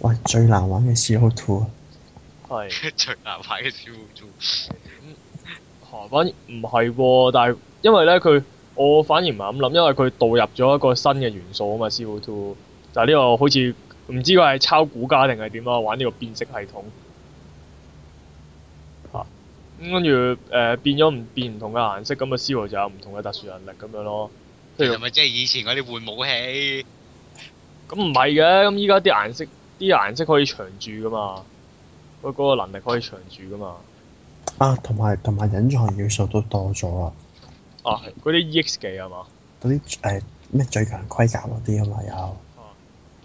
喂，最難玩嘅 C.O.Two 啊，是 哦、CO 2, 係最難玩嘅 C.O.Two。咁，啊，反而唔係喎，但係因為咧，佢我反而唔係咁諗，因為佢導入咗一個新嘅元素啊嘛，C.O.Two。就係呢個好似唔知佢係抄古家定係點啊，玩呢個變色系統。吓，咁跟住誒變咗唔變唔同嘅顏色，咁啊 C.O. 就有唔同嘅特殊能力咁樣咯。其實咪即係以前嗰啲換武器。咁唔係嘅，咁依家啲顏色。啲顏色可以長住噶嘛？嗰個能力可以長住噶嘛？啊，同埋同埋隱藏要素都多咗啦，啊呃啊。啊，嗰啲、呃、EX 技係嘛？嗰啲誒咩最強規格嗰啲啊嘛有。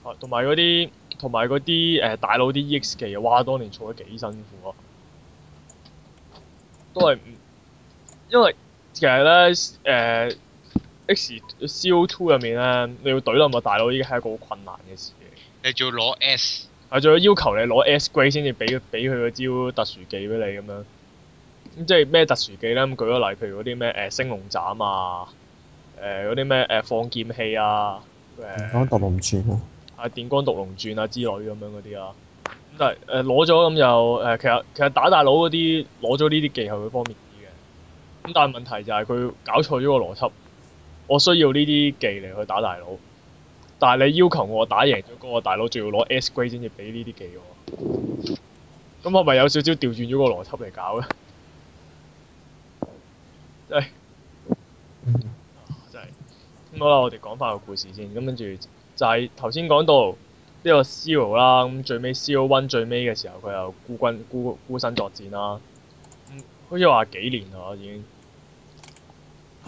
哦，同埋嗰啲同埋嗰啲誒大佬啲 EX 技啊，哇！當年做得幾辛苦啊！都係唔因為其實咧誒、呃、X c o two 入面咧，你要隊冧個大佬已經係一個好困難嘅事。你仲要攞 S？係仲要要求你攞 S grade 先至俾俾佢個招特殊技俾你咁樣。咁、嗯、即係咩特殊技咧？咁舉個例，譬如嗰啲咩誒升龍斬啊，誒嗰啲咩誒放劍氣啊，誒、呃。《毒龍傳》啊。啊！電光毒、啊《毒龍傳》啊之類咁樣嗰啲啦。咁但係誒攞咗咁又誒其實其實打大佬嗰啲攞咗呢啲技係會方便啲嘅。咁但係問題就係佢搞錯咗個邏輯。我需要呢啲技嚟去打大佬。但係你要求我打贏咗嗰個大佬，仲要攞 S 級先至畀呢啲技喎。咁我咪有少少調轉咗個邏輯嚟搞咧、啊？真係，真係。咁好啦，我哋講翻個故事先。咁跟住就係頭先講到呢個 C 羅啦。咁最尾 C 羅 one 最尾嘅時候，佢又孤軍孤孤身作戰啦。好似話幾年啊已經。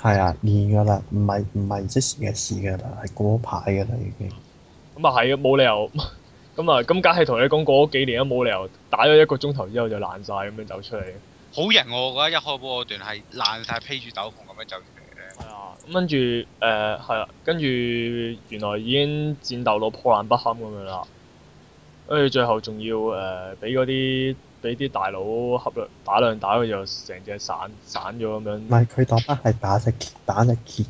係啊，完噶啦，唔係唔係即時嘅事噶啦，係嗰排噶啦已經。咁啊係啊，冇理由咁啊咁，梗係同你講過咗幾年都冇理由打咗一個鐘頭之後就爛晒咁樣走出嚟。好型，我覺得一開波嗰段係爛晒披住斗篷咁樣走出嚟嘅。係啊，咁跟住誒係啊，跟住、呃、原來已經戰鬥到破爛不堪咁樣啦。跟住最後仲要誒俾嗰啲。呃俾啲大佬合力打兩打，佢就成隻散散咗咁樣。唔係佢打返係打只揭打只揭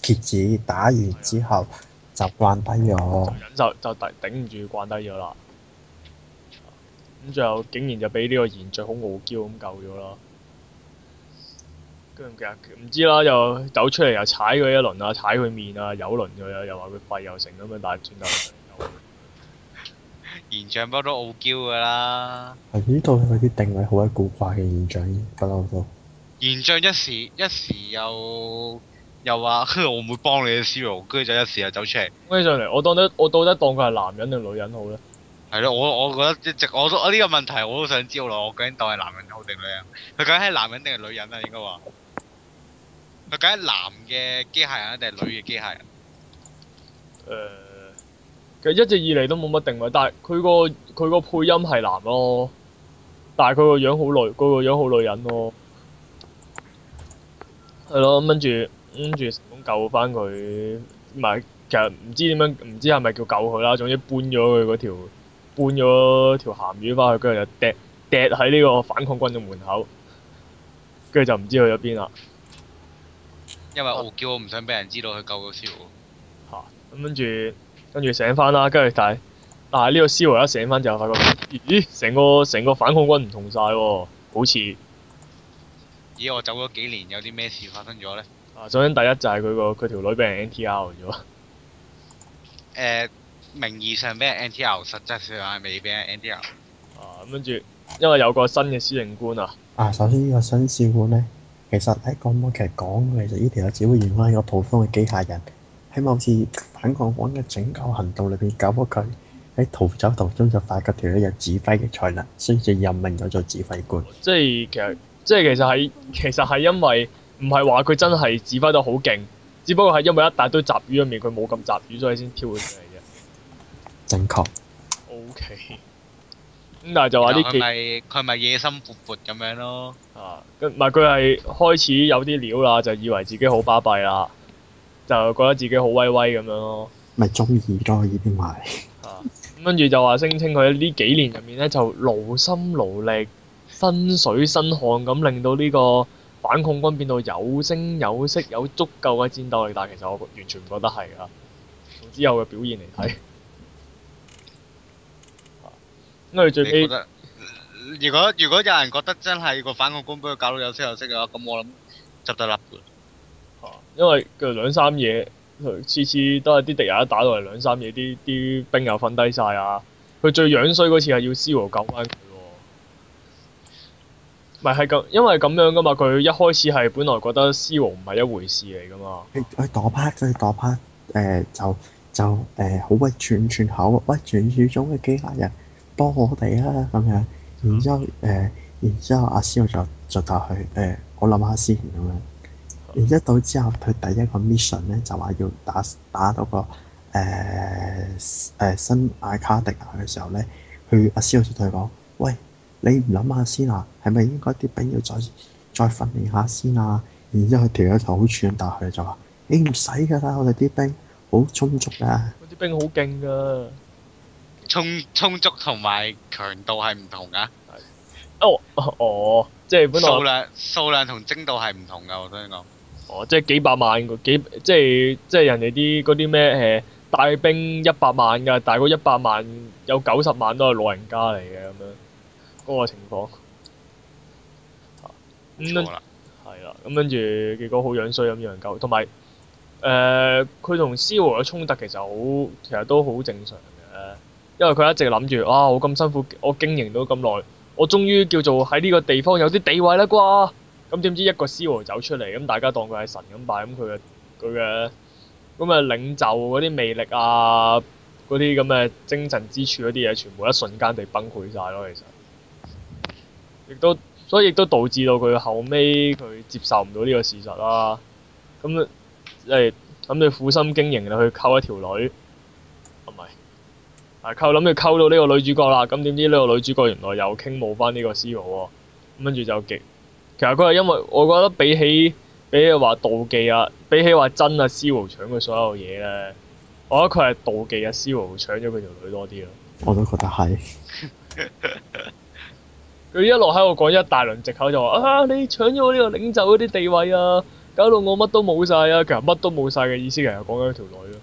揭子，打完之後就慣低咗 。就就頂唔住慣低咗啦。咁最後竟然就俾呢個現象好傲嬌咁救咗啦。跟住其實唔知啦，又走出嚟又踩佢一輪啊，踩佢面啊，有輪佢又又話佢廢又成咁樣，但係轉頭。現象都好傲嬌㗎啦，喺呢度有啲定位好鬼古怪嘅現象，不嬲都現象一時一時又又話會唔會幫你嘅，C 羅，跟住就一時又走出嚟，講起上嚟，我當得我到底當佢係男人定女人好咧？係咯，我我覺得一直我都呢個問題我都想知道，原來我究竟當係男人好定女人？佢梗係男人定係女人啦，應該話佢梗係男嘅機械人定係女嘅機械人？誒。其實一直以嚟都冇乜定位，但係佢個佢個配音係男咯，但係佢個樣好女，佢個樣好女人咯，係咯，咁跟住跟住成功救翻佢，唔係，其實唔知點樣，唔知係咪叫救佢啦，總之搬咗佢嗰條，搬咗條鹹魚翻去，跟住就掟掟喺呢個反抗軍嘅門口，跟住就唔知去咗邊啦，因為我叫我唔想俾人知道佢救咗肖，吓、啊，咁跟住。跟住醒翻啦，跟住但係，但係呢個思維一醒翻就發覺，咦？成個成個反恐軍唔同晒喎，好似咦？我走咗幾年，有啲咩事發生咗咧？啊，首先第一就係、是、佢個佢條女俾人 NTR 咗。誒、呃，名義上俾人 NTR，實際上係未俾人 NTR。啊，跟住因為有個新嘅司令官啊。啊，首先呢個新司令官咧，其實喺廣播劇講其實呢條友只會變翻一個普通嘅機械人。喺某次反抗軍嘅拯救行動裏邊，搞到佢喺逃走途中就發覺一條友有指揮嘅才能，所以就任命咗做指揮官。哦、即係其實，即係其實係其實係因為唔係話佢真係指揮得好勁，只不過係因為一大堆雜魚入面，佢冇咁雜魚，所以先跳咗上嚟嘅。正確。O Okay . K。 咁但係就話呢件事佢咪野心勃勃咁樣咯。啊，咁唔係佢係開始有啲料啦，就以為自己好巴閉啦。就覺得自己好威威咁樣咯，咪中意咯呢啲咪。啊，跟住就話聲稱佢喺呢幾年入面咧，就勞心勞力、身水身汗咁，令到呢個反恐軍變到有聲有色、有足夠嘅戰鬥力，但係其實我完全唔覺得係噶。從之後嘅表現嚟睇，因為最尾，如果如果有人覺得真係個反恐軍俾佢搞到有聲有色嘅話，咁我諗就得嘞。因為佢兩三嘢，佢次次都係啲敵人一打落嚟兩三嘢，啲啲兵又瞓低晒啊！佢最樣衰嗰次係要 C 羅救翻佢喎。咪係咁，因為咁樣噶嘛，佢一開始係本來覺得 C 羅唔係一回事嚟噶嘛。再躲拍，再躲拍，誒、呃、就就誒、呃、好屈串串口屈轉始終嘅機械人幫我哋啊咁樣。然之後誒、嗯呃，然之後阿 C 羅就就答佢誒，我諗下先咁樣。啊。然一到之後，佢第一個 mission 咧就話要打打嗰個誒誒、呃、新艾卡迪亞嘅時候咧，佢阿師叔就對佢講：喂，你唔諗下先啊，係咪應該啲兵要再再訓練下先啊？然之後佢掉咗頭好寸，但佢就話：你唔使㗎啦，我哋啲兵好充足㗎。啲兵好勁㗎，充充足同埋強度係唔同㗎。哦哦，即係本來數量數量同精度係唔同㗎。我聽講。哦，即係幾百萬，幾，即係即係人哋啲嗰啲咩誒，帶兵一百萬噶，但係一百萬有九十萬都係老人家嚟嘅咁樣，嗰、那個情況。錯啦。係啦、嗯，咁跟住結果好樣衰咁樣搞，同埋，誒、呃，佢同蕭何嘅衝突其實好，其實都好正常嘅，因為佢一直諗住，啊，我咁辛苦，我經營到咁耐，我終於叫做喺呢個地方有啲地位啦啩。咁點、嗯、知一個師和走出嚟，咁大家當佢係神咁拜，咁佢嘅佢嘅咁嘅領袖嗰啲魅力啊，嗰啲咁嘅精神支柱嗰啲嘢，全部一瞬間地崩潰晒咯，其實亦都所以亦都導致到佢後尾，佢接受唔到呢個事實啦。咁即係諗住苦心經營你去溝一條女，唔係啊溝，諗住溝到呢個女主角啦。咁、嗯、點知呢個女主角原來又傾慕翻呢個師和喎，跟住就極。其實佢係因為我覺得比起比起話妒忌啊，比起話真阿 c 羅搶佢所有嘢咧，我覺得佢係妒忌啊，C 羅搶咗佢條女多啲咯。我都覺得係。佢 一路喺度講一大輪藉口就話啊，你搶咗我呢個領袖嗰啲地位啊，搞到我乜都冇晒啊！其實乜都冇晒嘅意思，其實講緊條女咯。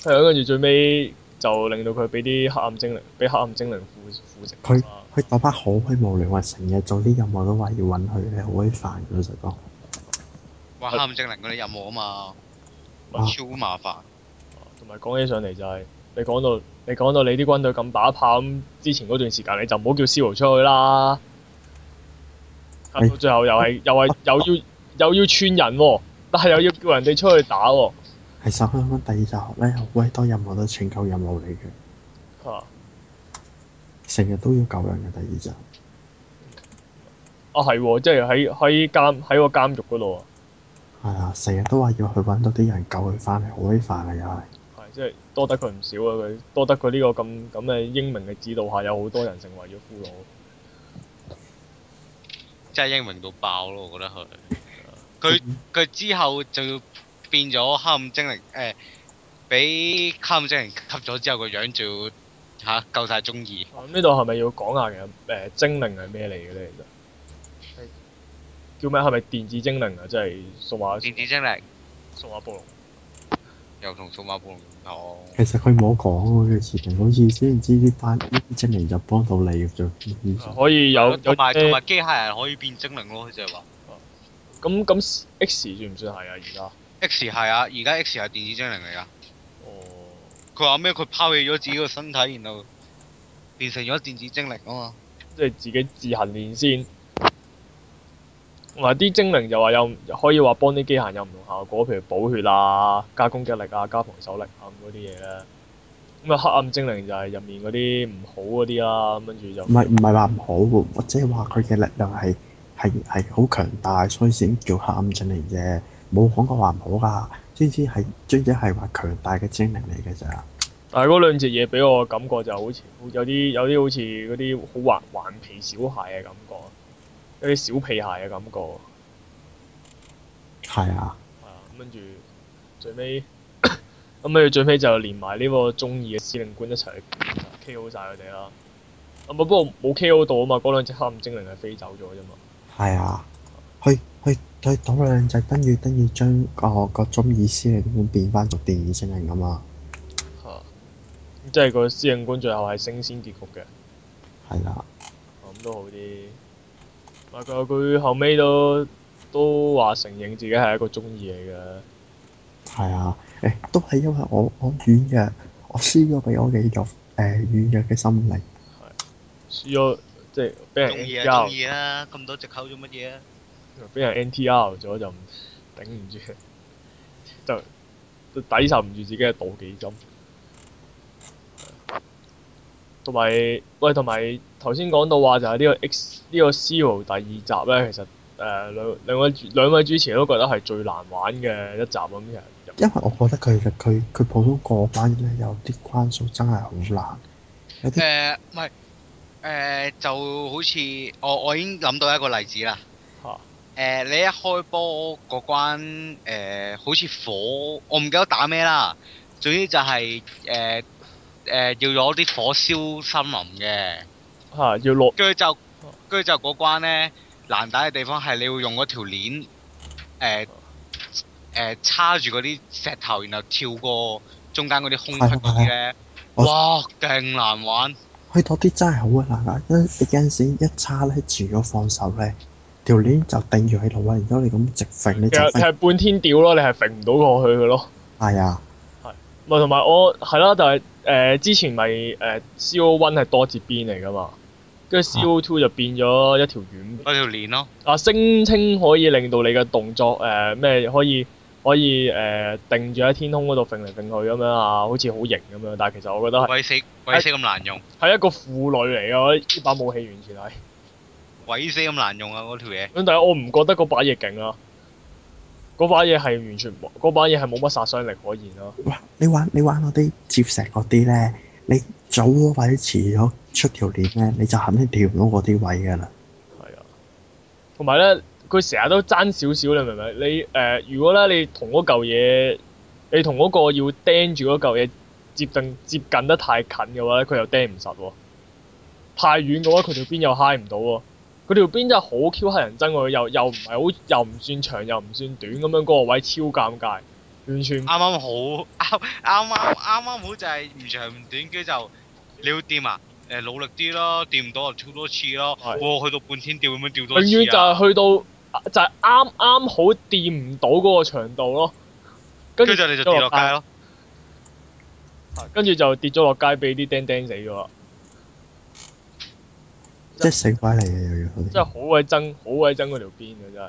係啊，跟住最尾就令到佢俾啲黑暗精靈，俾黑暗精靈腐腐蝕佢。佢打好閪無聊，我成日做啲任務都話要揾佢咧，好閪煩。老實講，話喊是正能嗰啲任務啊嘛，哇超麻煩。同埋講起上嚟就係、是、你講到，到你講到你啲軍隊咁打炮咁，之前嗰段時間你就唔好叫 C.O. 出去啦。哎、到最後又係、哎、又係又要、啊、又要串人喎、哦，但係又要叫人哋出去打喎、哦。係十分分第二集咧，好閪多任務都全球任務嚟嘅。嚇、啊！成日都要救人嘅第二集，哦、啊，係喎，即係喺，喺監喺個監獄嗰度啊，係啊，成日都話要去揾到啲人救佢翻嚟，好鬼煩啊又係，係即係多得佢唔少啊，佢多得佢呢、這個咁咁嘅英明嘅指導下，有好多人成為咗俘虜，真係英明到爆咯，我覺得佢，佢佢 之後就要變咗黑暗精靈，誒、呃，俾黑暗精靈吸咗之後個樣就要。嚇夠晒鍾意，呢度係咪要講下嘅？誒、呃，精靈係咩嚟嘅咧？其實是叫咩係咪電子精靈啊？即、就、係、是、數碼電子精靈，數碼暴龍又同數碼暴龍哦。其實佢冇講喎，佢前邊好似先知啲翻精靈就幫到你咗、啊。可以有同埋同埋機械人可以變精靈咯，佢就話。咁咁 X 算唔算係啊？而家 X 係啊，而家 X 係、啊啊、電子精靈嚟㗎。佢話咩？佢拋棄咗自己個身體，然後變成咗電子精靈啊嘛！即係自己自行煉先。同埋啲精靈就話有可以話幫啲機械有唔同效果，譬如補血啊、加攻擊力啊、加防守力啊咁嗰啲嘢咧。咁啊，黑暗精靈就係入面嗰啲唔好嗰啲啊，跟住就唔係唔係話唔好喎，或者話佢嘅力量係係係好強大，所以先叫黑暗精靈啫，冇講過話唔好噶。先知係，先知係話強大嘅精靈嚟嘅咋。但係嗰兩隻嘢俾我感覺就好似，有啲有啲好似嗰啲好頑頑皮小孩嘅感覺，有啲小屁孩嘅感覺。係啊。係啊，跟住最尾，咁跟住最尾就連埋呢個中二嘅司令官一齊 K O 晒佢哋啦。咁啊不過冇 K O 到啊嘛，嗰兩隻黑暗精靈係飛走咗啫嘛。係啊。佢佢倒就仔，不如不如將、呃那個個中意師兄變翻做電影性人咁啊！嚇，即係個師兄最後係升仙結局嘅。係啦的。咁都好啲。不過佢後尾都都話承認自己係一個中意嚟嘅。係啊！誒、欸，都係因為我我軟弱，我輸咗俾我嘅弱誒軟弱嘅心靈。係。輸咗即係俾人。中意啊！中意啊！咁多隻口做乜嘢啊？俾人 NTR 咗就頂唔住，就抵受唔住自己嘅妒忌心。同埋喂，同埋頭先講到話就係呢個 X 呢個 Zero 第二集咧，其實誒兩兩位兩位主持都覺得係最難玩嘅一集咁其實。因為我覺得佢其實佢佢普通過班咧，有啲關數真係好難。誒，唔係誒，就好似我我已經諗到一個例子啦。誒、呃，你一開波嗰關，誒、呃，好似火，我唔記得打咩啦。總之就係、是，誒、呃，誒、呃，要攞啲火燒森林嘅。吓、啊，要落。佢就，佢就嗰關咧難打嘅地方係你會用嗰條鏈，誒、呃，誒、呃，叉住嗰啲石頭，然後跳過中間嗰啲空隙嗰啲咧，哇，勁我難玩。佢嗰啲真係好啊，難打。你嗰陣時一叉咧，住咗放手咧。條鏈就定住喺度啊，然、呃、之後你咁直揈，你其實係半天吊咯，你係揈唔到過去嘅咯。係啊，係、啊，咪同埋我係啦，但係誒之前咪誒 C O one 係多節鞭嚟噶嘛，跟住 C O two 就變咗一條軟，一條鏈咯。啊聲稱可以令到你嘅動作誒咩、呃、可以可以誒、呃、定住喺天空嗰度揈嚟揈去咁樣啊，好似好型咁樣，但係其實我覺得係鬼死鬼死咁難用，係一個負累嚟噶，呢把武器完全係。鬼死咁難用啊！嗰條嘢，但係我唔覺得嗰把嘢勁啦，嗰把嘢係完全冇，嗰把嘢係冇乜殺傷力可言咯。哇！你玩你玩嗰啲接石嗰啲咧，你早或者遲咗出條鏈咧，你就肯定掉唔到嗰啲位噶啦。係啊，同埋咧，佢成日都爭少少，你明唔明？你誒、呃，如果咧你同嗰嚿嘢，你同嗰個，個要釘住嗰嚿嘢接近接近得太近嘅話咧，佢又釘唔實；太遠嘅話，佢條邊又嗨唔到。佢條邊真係好 Q 乞人憎喎，又又唔係好，又唔算長又唔算短咁樣，嗰個位超尷尬，完全啱啱好，啱啱啱啱好就係唔長唔短，跟住就你要掂啊，誒、呃、努力啲咯，掂唔到就跳多次咯。哇對、哦，去到半天吊咁樣吊多次、啊。跟住就係去到就係啱啱好掂唔到嗰個長度咯，跟住就你就跌落街咯，啊啊、跟住就跌咗落街俾啲釘釘死咗。即係死鬼嚟嘅，又要，即係好鬼憎，好鬼憎嗰條邊啊！真係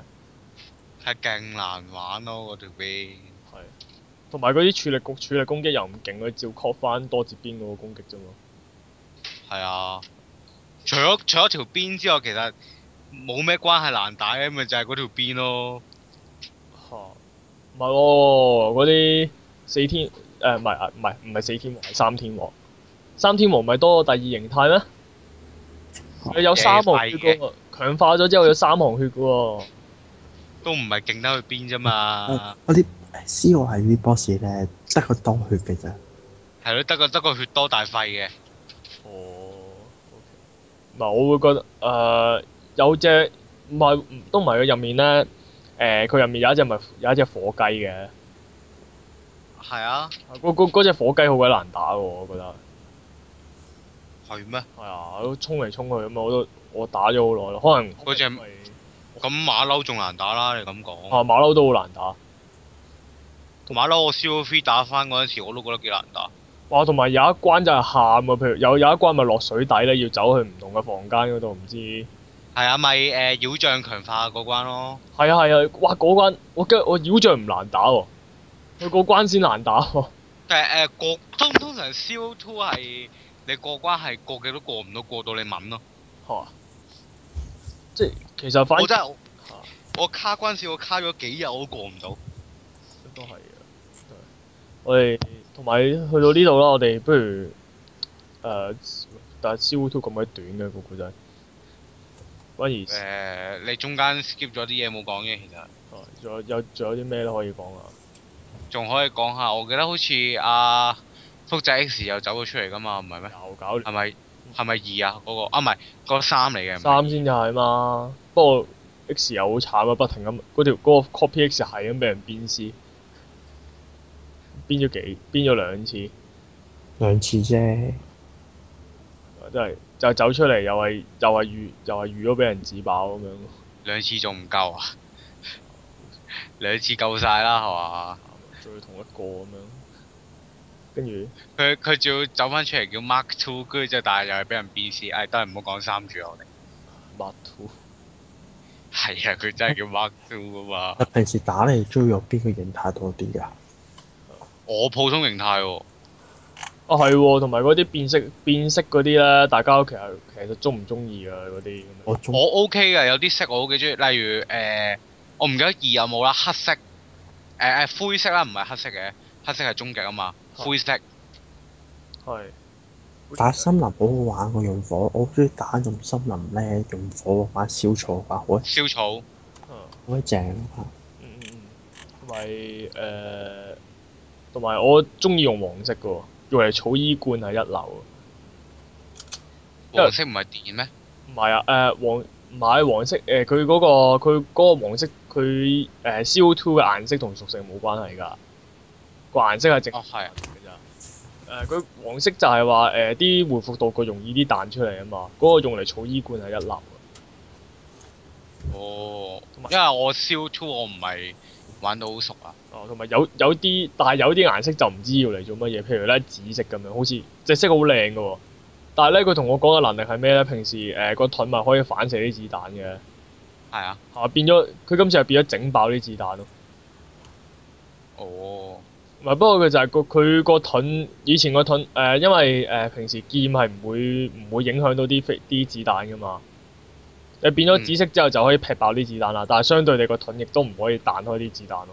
係勁難玩咯，嗰條邊。係。同埋嗰啲儲力局、儲力攻擊又唔勁，佢照只會靠翻多節邊嗰個攻擊啫嘛。係啊。除咗除咗條邊之外，其實冇咩關係難打嘅，咪就係、是、嗰條邊咯。嚇、啊！唔係喎，嗰啲四天誒唔係唔係唔係四天王係三天王，三天王咪多個第二形態咩？佢有三行血嘅，強化咗之後有三行血嘅喎，都唔係勁得去邊啫嘛。嗰啲 C 五係啲 boss 咧，得個當血嘅啫。係咯，得個得個血多大肺嘅。哦。嗱、okay 啊，我會覺得誒、呃、有隻唔係都唔係佢入面咧，誒佢入面有一隻咪有一隻火雞嘅。係啊。嗰嗰隻火雞好鬼難打喎，我覺得。係咩？係啊，都衝嚟衝去咁啊！我都，衝衝去我，都我打咗好耐咯，可能嗰隻咪，咁馬騮仲難打啦？你咁講啊，馬騮都好難打，同馬騮我 C O three 打翻嗰陣時，我都覺得幾難打。哇！同埋有，有一關就係喊啊，譬如有有一關咪落水底咧，要走去唔同嘅房間嗰度，唔知係啊，咪、就、誒、是呃、妖將強化個關咯。係啊係啊！哇，嗰關我驚我妖將唔難打喎、哦，佢、那、嗰、個、關先難打喎、哦。誒誒、呃，通通常，常 C O two 係。你過關係個幾都過唔到，過到你敏咯。啊。即係其實我真係我，哈我卡關時我卡咗幾日我都過唔到。都係啊！我哋同埋去到呢度啦，我哋不如誒、呃，但係《CO2 咁鬼短嘅個古仔，反而誒，你中間 skip 咗啲嘢冇講嘅其實。仲有有仲有啲咩都可以講啊？仲可以講下，我記得好似啊。呃複製 X 又走咗出嚟噶嘛，唔係咩？又搞，係咪係咪二啊？嗰、那個啊唔係嗰三嚟嘅。三先至係嘛。不過 X 又好慘啊，不停咁嗰條嗰、那個 copy X 係咁俾人鞭屍，鞭咗幾鞭咗兩次。兩次啫。真係就走出嚟，又係又係遇又係遇咗俾人自爆咁樣。兩次仲唔夠啊？ 兩次夠晒啦，係嘛 吧？仲要同一個咁樣。跟住佢佢仲要走翻出嚟叫 Mark Two，跟住即係，但係又係俾人 B C，唉，都係唔好講三注我哋。Mark Two 係啊，佢真係叫 Mark Two 噶嘛。 平時打你中意用邊個形態多啲噶？我普通形態喎。啊係喎，同埋嗰啲變色變色嗰啲咧，大家其實其實喜喜中唔中意啊？嗰啲？我我 OK 噶，有啲色我好幾中意，例如誒、呃，我唔記得二有冇啦，黑色誒誒、呃、灰色啦，唔係黑色嘅，黑色係終極啊嘛。灰色係打森林好好玩、啊，我用火，我中意打用森林咧，用火把燒草吧，好。燒草，啊、好鬼草、啊、正、啊嗯。嗯嗯嗯，同埋誒，同、呃、埋我中意用黃色噶喎，用嚟草衣罐係一流黃、啊呃黃。黃色唔係電咩？唔係啊，誒、那個，黃買黃色誒，佢嗰個佢嗰個黃色，佢誒 CO two 嘅顏色同屬性冇關係噶。個顏色係直，誒佢、哦啊呃、黃色就係話誒啲回復道具容易啲彈出嚟啊嘛，嗰、那個用嚟儲衣罐係一流嘅。哦，有因為我消 two 我唔係玩到好熟啊。哦，同埋有有啲，但係有啲顏色就唔知要嚟做乜嘢，譬如咧、呃、紫色咁樣，好似隻色好靚嘅喎，但係咧佢同我講嘅能力係咩咧？平時誒、呃那個盾咪可以反射啲子彈嘅，係啊，係、啊、變咗佢今次係變咗整爆啲子彈咯。哦。哦唔係，不過佢就係個佢個盾，以前個盾誒、呃，因為誒、呃、平時劍係唔會唔會影響到啲啲子彈噶嘛。你變咗紫色之後就可以劈爆啲子彈啦，但係相對你個盾亦都唔可以彈開啲子彈咯。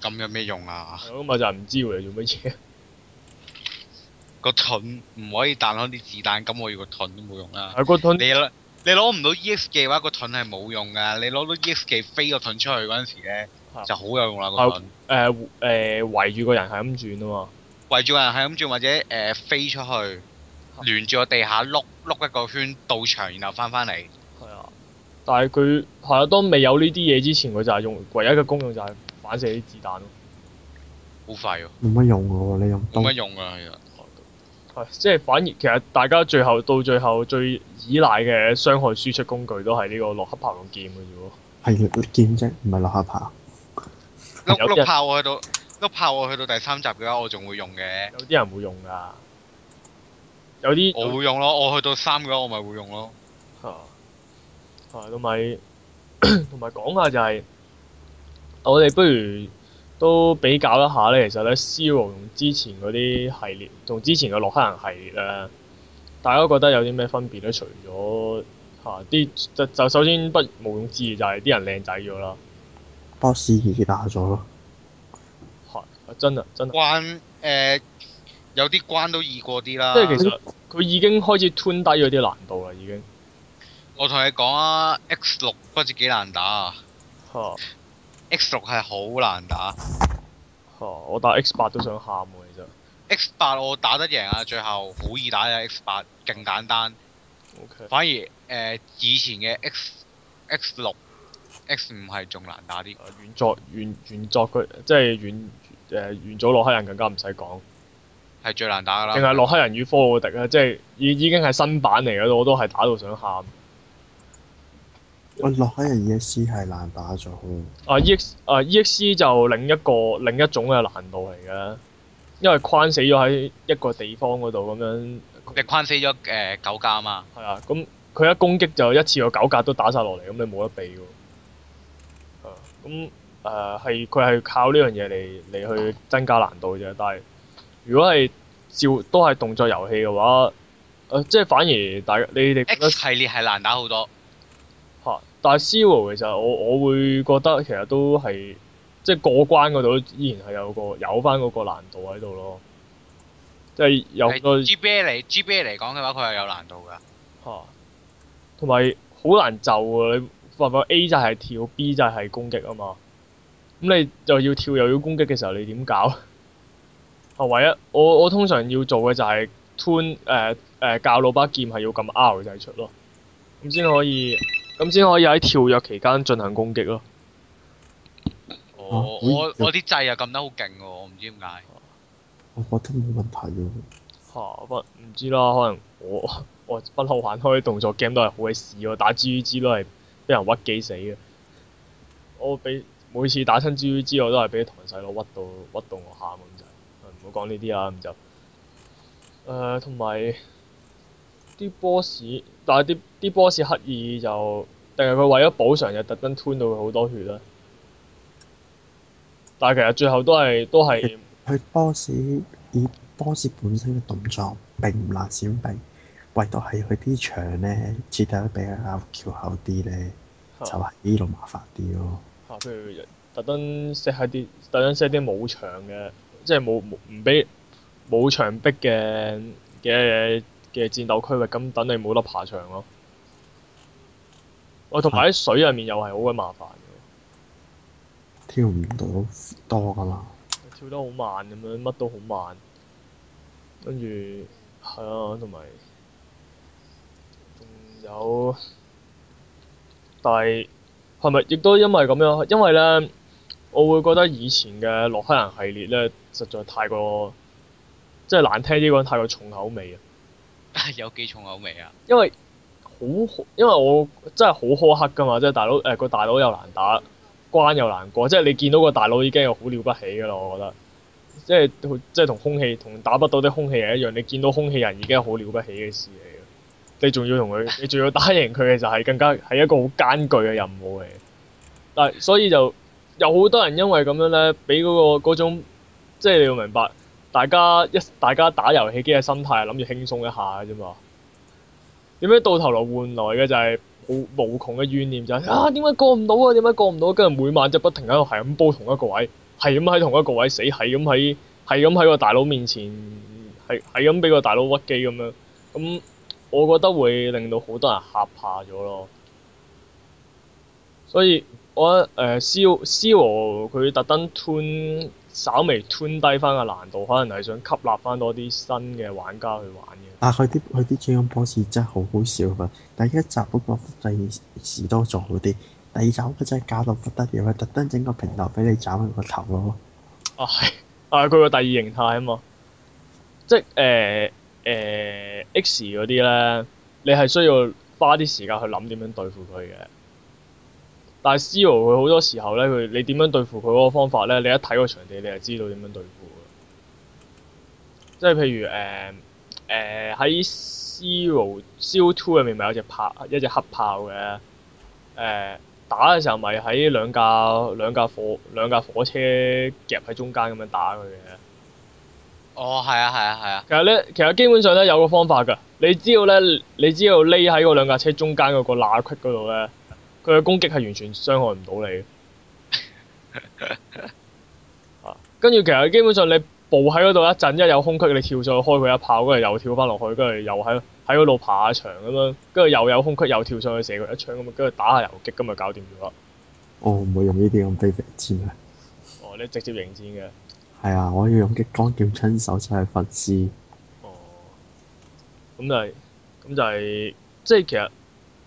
咁有咩用啊？我就唔知喎，做乜嘢？個盾唔可以彈開啲子彈，咁我要個盾都冇用啦。係、啊、盾，你攞唔到 EX 嘅話，個盾係冇用噶。你攞到 EX 嘅飛個盾出去嗰陣時咧，啊、就好有用啦個盾誒誒，圍住個人係咁轉啊嘛，圍住個人係咁轉或者誒、呃、飛出去，連住個地下碌碌一個圈到牆，然後翻翻嚟。係啊，但係佢係啊，當未有呢啲嘢之前，佢就係用唯一嘅功用就係反射啲子彈咯。好快啊！冇乜用嘅喎，你用冇乜用啊，其啊，係、啊、即係反而其實大家最後到最後最依賴嘅傷害輸出工具都係呢個洛克牌龍劍嘅啫喎。係劍啫，唔係洛克牌。都有炮去到，都炮我去到第三集嘅話，我仲會用嘅。有啲人會用㗎，有啲我會用咯。我去到三嘅話、啊啊就是，我咪會用咯。吓，係咁同埋講下就係，我哋不如都比較一下咧。其實咧，Zero 同之前嗰啲系列，同之前嘅洛克人系列咧，大家都覺得有啲咩分別咧？除咗吓啲，就、啊、就首先不毋庸置疑就係、是、啲人靚仔咗啦。BOSS 已經打 s 打咗咯，係，真啊真啊關誒有啲關都易過啲啦，即係其實佢已經開始吞低咗啲難度啦已經。我同你講啊，X 六不知幾難打啊，吓哈，X 六係好難打，我打 X 八都想喊其實。X 八我打得贏啊，最後好易打啊 X 八，勁簡單 Okay. 反而誒、呃、以前嘅 X X 六。X 五係仲難打啲，uh,，原作原原作佢即係原誒原祖洛克人更加唔使講，係最難打噶啦。淨係洛克人與科奧迪咧，嗯、即係已已經係新版嚟噶咯，我都係打到想喊。洛洛克人 E C 係難打咗。啊 E X E X 就另一個另一種嘅難度嚟嘅，因為框死咗喺一個地方嗰度咁樣，你框死咗誒、呃、九格啊嘛。係啊，咁佢一攻擊就一次個九格都打晒落嚟，咁你冇得避噶。咁誒係佢係靠呢樣嘢嚟嚟去增加難度啫，但係如果係照都係動作遊戲嘅話，誒、呃、即係反而大家你哋、呃、X 系列係難打好多。嚇、啊！但係 Zero 其實我我會覺得其實都係即係過關嗰度依然係有個有翻嗰個難度喺度咯。即係有個。GBA 嚟 GBA 嚟講嘅話，佢係有難度㗎、啊。嚇！同埋好難就啊，你。個 A 就係跳，B 就係攻擊啊嘛。咁、right? 你又要跳又要攻擊嘅時候，你點搞？啊， 唯一我我通常要做嘅就係 turn 誒、呃、誒、呃、教老巴劍係要撳 R 嘅掣出咯，咁先可以咁先可以喺跳躍期間進行攻擊咯、哦。我我我啲掣又撳得好勁喎，我唔知點解。我覺得冇、哦、問題喎、啊。嚇、啊！我唔知啦，可能我我不嬲玩開動作 game 都係好鬼屎喎，打 G.U.G 都係。俾人屈機死嘅，我俾每次打親蜘蛛之後，都係畀啲堂細佬屈到屈到我喊咁、就是、就，唔好講呢啲啦，咁就，誒同埋啲 boss，但係啲啲 boss 刻意就，定係佢為咗補償，就特登吞到佢好多血咧。但係其實最後都係都係，佢 boss 以 boss 本身嘅動作並唔難閃避，唯獨係佢啲場呢，設計得比較巧妙啲咧。就係呢度麻煩啲咯、啊。嚇、啊！譬如特登 set 下啲，特登 set 啲冇牆嘅，即係冇唔俾冇牆壁嘅嘅嘅戰鬥區域，咁等你冇得爬牆咯。哦、啊，同埋喺水入面又係好鬼麻煩。跳唔到多㗎喇。跳得好慢咁樣，乜都好慢。跟住係啊，同埋仲有。但係係咪亦都因為咁樣？因為咧，我會覺得以前嘅洛克人系列咧，實在太過即係難聽啲講，太過重口味啊！有幾重口味啊？因為好，因為我真係好苛刻㗎嘛，即係大佬誒、呃嗰個大佬又難打關又難過，即係你見到個大佬已經係好了不起㗎喇，我覺得即係即係同空氣同打不到啲空氣人一樣，你見到空氣人已經係好了不起嘅事嚟。你仲要同佢，你仲要打贏佢，嘅就係更加係一個好艱巨嘅任務嚟。但係所以就有好多人因為咁樣咧，俾嗰、嗰個嗰種，即、就、係、係、你要明白，大家一大家打遊戲機嘅心態係諗住輕鬆一下嘅啫嘛。點解到頭來換來嘅就係好無窮嘅怨念就係啊？點解過唔到啊？點解過唔到、啊？跟住、啊、每晚就不停喺度係咁煲同一個位，係咁喺同一個位死喺咁喺，係咁喺個大佬面前，係係咁俾個大佬屈機咁樣咁。我覺得會令到好多人嚇怕咗咯，所以我覺得誒 C C 和佢特登吞，稍微吞低翻個難度，可能係想吸納翻多啲新嘅玩家去玩嘅。啊！佢啲佢啲巨型 Boss 真係好好笑㗎，第一集不過第二時多做好啲，第二集佢真係搞到不得了，佢特登整個平台俾你斬佢個頭咯。哦，係，啊，佢個第二形態啊嘛，即係誒。呃誒、呃、X 嗰啲咧，你係需要花啲時間去諗點樣對付佢嘅。但係 Zero 佢好多時候咧，佢你點樣對付佢嗰個方法咧，你一睇個場地你就知道點樣對付。即係譬如誒誒、呃、喺、呃、Zero Zero Two 入面咪有隻炮一隻黑炮嘅。誒、呃、打嘅時候咪喺兩架兩架火兩架火車夾喺中間咁樣打佢嘅。哦，係啊，係啊，係啊。其實咧，其實基本上咧有個方法㗎。你知道咧，你只要匿喺嗰兩架車中間嗰個罅隙嗰度咧，佢嘅攻擊係完全傷害唔到你。啊！ 跟住其實基本上你步喺嗰度一陣，一有空隙你跳上去開佢一炮，跟住又跳翻落去，跟住又喺喺嗰度爬下牆咁樣，跟住又有空隙又跳上去射佢一槍咁、哦、啊，跟住打下遊擊咁就搞掂咗啦。哦，唔會用呢啲咁卑鄙戰啊！哦，你直接迎戰嘅。係啊，我要用激光劍親手出去焚屍。哦。咁就係，咁就係，即係其實，誒、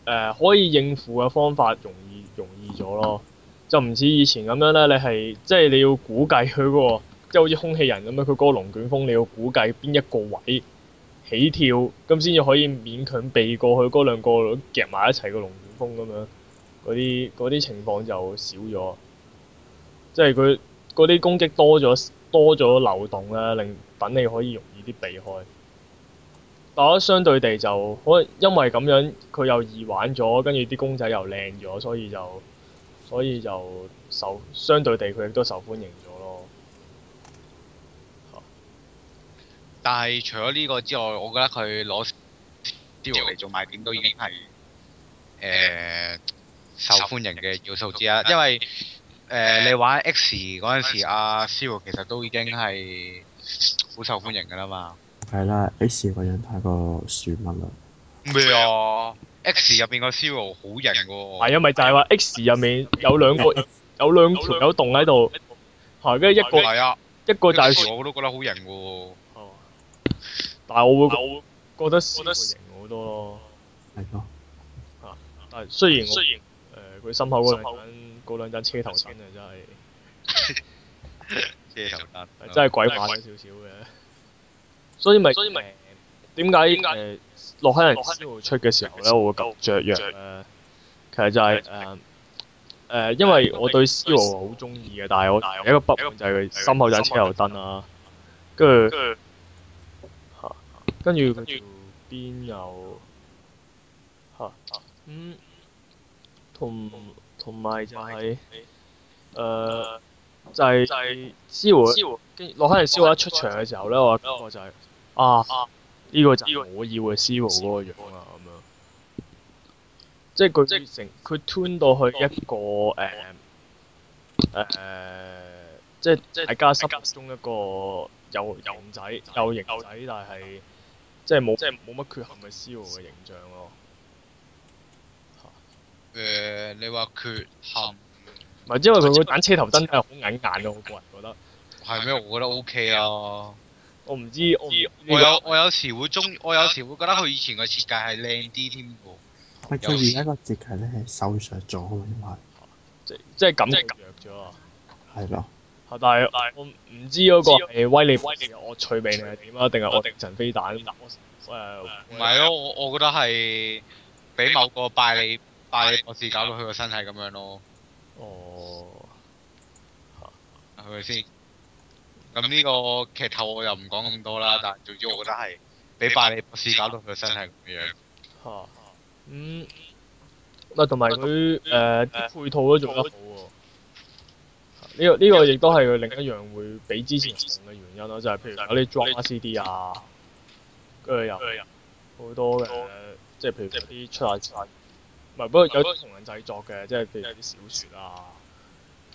呃、可以應付嘅方法容易容易咗咯。就唔似以前咁樣咧，你係即係你要估計佢嗰個，即係好似空氣人咁樣，佢嗰個龍捲風你要估計邊一個位起跳，咁先至可以勉強避過去嗰兩個夾埋一齊嘅龍捲風咁樣。嗰啲嗰啲情況就少咗。即係佢嗰啲攻擊多咗。多咗漏洞啦，令品你可以容易啲避開。但我相對地就可因為咁樣，佢又易玩咗，跟住啲公仔又靚咗，所以就所以就受相對地佢亦都受歡迎咗咯。但係除咗呢個之外，我覺得佢攞 Jewelry 做賣點都已經係誒、呃、受歡迎嘅要素之一，因為。誒，你玩 X 嗰陣時，阿 Zero 其實都已經係好受歡迎噶啦嘛。係啦，X 個人太過炫物啦。咩啊？X 入邊個 Zero 好型喎。係啊，咪就係話 X 入面有兩個有兩條有洞喺度，係跟一個一個大。我都覺得好型喎。但我會覺得 Zero 好型好多咯。係咯。啊，但係雖然誒佢心口嗰兩。嗰兩盞車頭燈啊，真係 車頭燈燈，真係鬼化少少嘅。所以咪，所以咪，點解、呃、落喺人燒出嘅時候咧，我會咁雀躍咧、嗯？其實就係誒誒，嗯嗯、因為我對燒好中意嘅，但係我有一個不滿就係佢心口盞車頭燈啊。跟住跟住邊有吓，嗯，同。同埋就係誒就係師傅，跟落翻嚟師傅一出場嘅時候呢，我覺得就係啊，呢個就係我要嘅師傅嗰個樣啊咁樣，即係佢即係佢 tune 到去一個誒誒，即係即係大家心中一個有型仔、有型仔，但係即係冇即係冇乜缺陷嘅師傅嘅形象咯。誒，你話缺陷，唔係、嗯，因為佢個盞車頭燈係好眼眼、啊、咯，我個人覺得。係咩？我覺得 O、OK、K 啊。我唔知，我唔，我有，我有時會中意，嗯、我有時會覺得佢以前嘅設計係靚啲添嘅。佢而家個設計咧係瘦削咗，係咪、嗯？即即係感覺。即係弱咗啊！係咯的。但係但係，我唔知嗰個威力威力，威力，趣力我趣味定係點啊？定係我定塵飛彈？誒，唔係咯，我我覺得係俾某個拜利。拜你博士搞到佢個身體咁樣咯，哦，係咪先？咁呢個劇透我又唔講咁多啦，但係總之我覺得係俾拜你博士搞到佢個身體咁樣。吓，嗯，咪同埋佢誒，呃呃、啲配套都做得好喎、啊。呢、呃這個呢、這個亦都係佢另一樣會比之前強嘅原因咯、啊，就係、是、譬如有啲 Drop CD 啊，跟住又好多嘅，即、就、係、是、譬如啲出下新。唔係，不過不有啲同人製作嘅，即係譬如啲小説啊，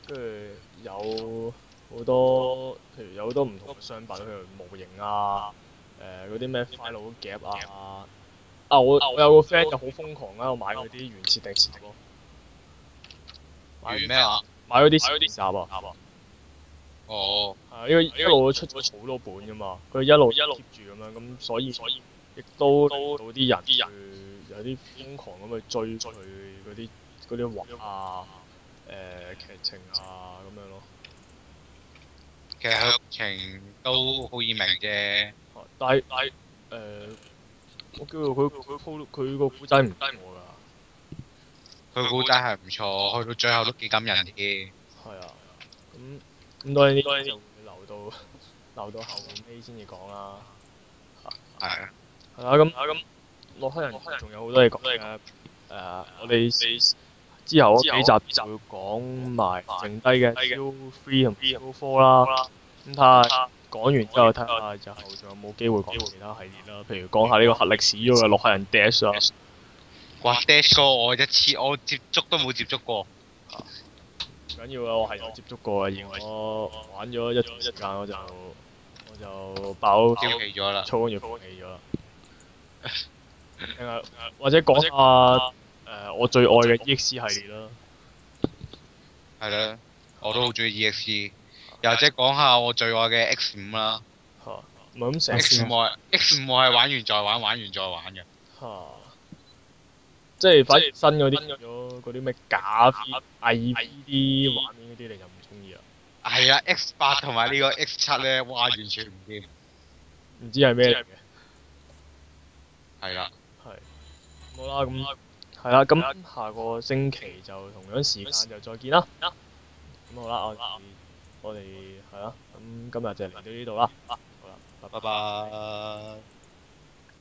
跟住有好多，譬如有好多唔同嘅商品，譬如模型啊，誒、呃、嗰啲咩 file 夾啊，啊我啊我，我有個 friend 都就好瘋狂啦，我買嗰啲原設定集咯，原咩啊？買嗰啲集啊，啊！哦，係因為一路會出好多本噶嘛，佢一路一路 keep 住咁樣，咁所以亦都到啲人。有啲瘋狂咁去追追佢嗰啲嗰啲畫啊，誒、呃、劇情啊咁樣咯。其實劇情都好易明啫、啊，但係誒、呃，我叫做佢佢佢個古仔唔低我㗎。佢古仔係唔錯，去到最後都幾感人啲。係啊，咁咁多人都留到留到後尾先至講啦。係啊。係啊，咁啊咁。洛克人仲有好多嘢講，誒，我哋之後嗰幾集就會講埋剩低嘅 U3 同 U4 啦。咁睇下講完之後睇下，日後仲有冇機會講其他系列啦。譬如講下呢個核歷史咗嘅洛克人 Dash。哇，Dash 哥我一次我接觸都冇接觸過。唔緊要啊，我係有接觸過嘅，因為我玩咗一陣間我就我就爆棄咗啦，粗心要放棄咗啦。或者講下誒、呃、我最愛嘅 E X、C、系列啦，係咧，我都好中意 E X。又或者講下我最愛嘅 X 五啦、啊，X 咁五、啊、X 五係玩完再玩，玩完再玩嘅、啊。即係反而新嗰啲，嗰啲咩假偽啲玩面嗰啲，啊、你就唔中意啊？係啊，X 八同埋呢個 X 七咧，哇，完全唔知，唔知係咩嚟嘅，係啦。 好啦，咁係啦，咁下個星期就同樣時間就再見啦。咁好啦，我我哋係啦，咁今日就嚟到呢度啦。好啦，拜拜拜。